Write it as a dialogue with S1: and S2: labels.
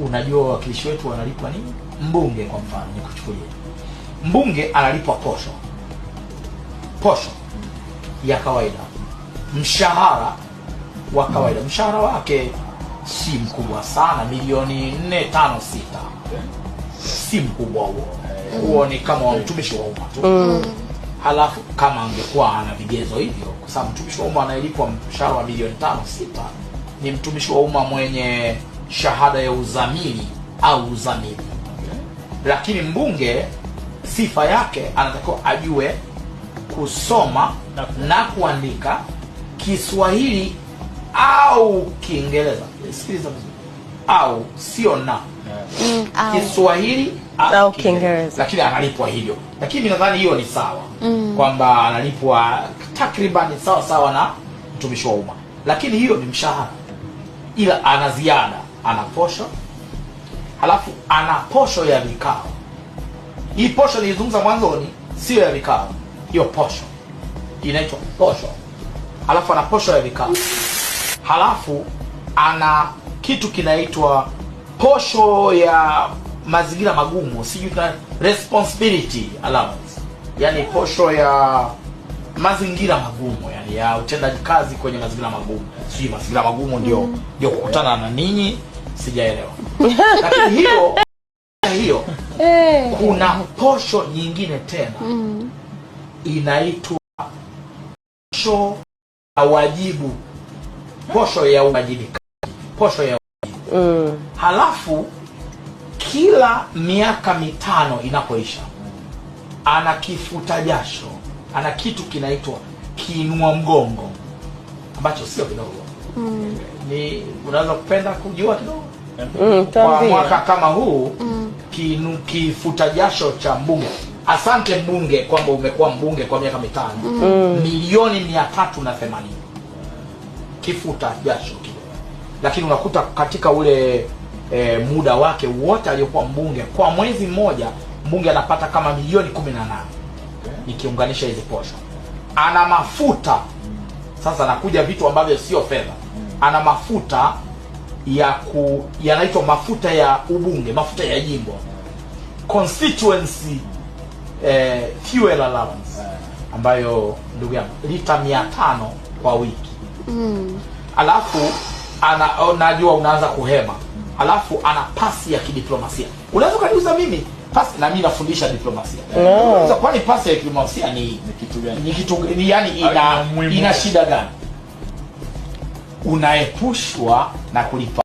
S1: unajua wawakilishi wetu wanalipwa nini? Mbunge kwa mfano kuchukulia mbunge analipwa posho, posho ya kawaida, mshahara wa kawaida. Mshahara wake si mkubwa sana, milioni nne tano sita, si mkubwa huo huo ni kama wa mtumishi wa umma tu mm. Halafu kama angekuwa ana vigezo hivyo, kwa sababu mtumishi wa umma anaelipwa mshahara wa milioni tano sita ni mtumishi wa umma mwenye shahada ya uzamili au uzamili, lakini mbunge sifa yake anatakiwa ajue kusoma na kuandika Kiswahili au Kiingereza. Sikiliza au sio na mm, Kiswahili
S2: au Kiingereza,
S1: lakini analipwa hivyo. Lakini nadhani hiyo ni sawa mm, kwamba analipwa takriban sawa sawa na mtumishi wa umma, lakini hiyo ni mshahara, ila ana ziada ana posho, halafu ana posho ya vikao. Hii posho nilizungumza mwanzoni, sio ya vikao, hiyo posho inaitwa posho. Halafu ana posho ya vikao, halafu ana kitu kinaitwa posho ya mazingira magumu, sijui responsibility allowance, yani posho ya mazingira magumu, yani ya utendaji kazi kwenye mazingira magumu, sijui mazingira magumu ndio mm. ndio kukutana na ninyi sijaelewa. Lakini hiyo hiyo eh. kuna posho nyingine tena mm. inaitwa posho ya wajibu, posho ya uwajibikaji, posho ya wajibu mm. halafu kila miaka mitano inapoisha ana kifuta jasho, ana kitu kinaitwa kiinua mgongo ambacho sio kidogo ni unaweza kupenda kujua kidogo mm, kwa mwaka kama huu mm. kinu, kifuta jasho cha mbunge asante mbunge kwamba umekuwa mbunge kwa miaka mitano mm. mm. milioni mia tatu na themanini kifuta jasho kile lakini unakuta katika ule e, muda wake wote aliyokuwa mbunge kwa mwezi mmoja mbunge anapata kama milioni kumi na nane nikiunganisha hizi posho ana mafuta sasa nakuja vitu ambavyo sio fedha. Ana mafuta ya ku yanaitwa mafuta ya ubunge, mafuta ya jimbo, constituency eh, fuel allowance ambayo ndugu yangu lita mia tano kwa wiki mm. Alafu ana, oh, najua unaanza kuhema, alafu ana pasi ya kidiplomasia, unaweza ukaniuza mimi pasi na mimi nafundisha diplomasia. No. kwani pasi ya diplomasia ni ni kitu gani? Ni kitu gani? yani ah, ina ina shida gani? Unaepushwa na kulipa